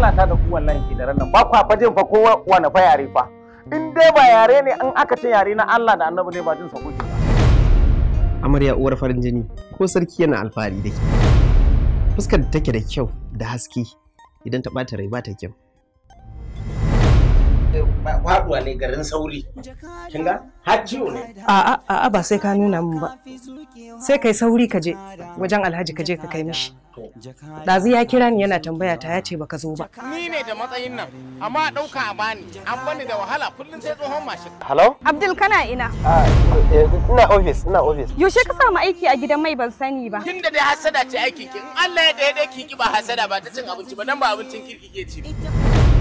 matsala ta da kuwan nan ke da ranar ba kwa fajin fa kowa wani fa yare fa in dai ba yare ne an aka ce yare na Allah da Annabi ne ba jin sa kuke ba amarya uwar farin jini ko sarki yana alfahari da ke fuskar da take da kyau da haske idan ta bata rai ba ta kyau faɗuwa ne garin sauri kin ga har ciwo ne a'a a'a ba sai ka nuna min ba sai kai sauri ka je wajen alhaji ka je ka kai mishi ɗazu ya kira ni yana tambaya ta ya ce baka zo ba ni ne da matsayin nan amma ɗauka a bani an bani da wahala kullum sai tsohon mashin hello abdul kana ina ah, eh, ina office ina office yaushe ka samu aiki a gidan mai ban sani ba Kin da dai hasada ce aikin ki in Allah ya daidai ki ki ba hasada ba ta cin abinci ba nan ba abincin kirki ke ci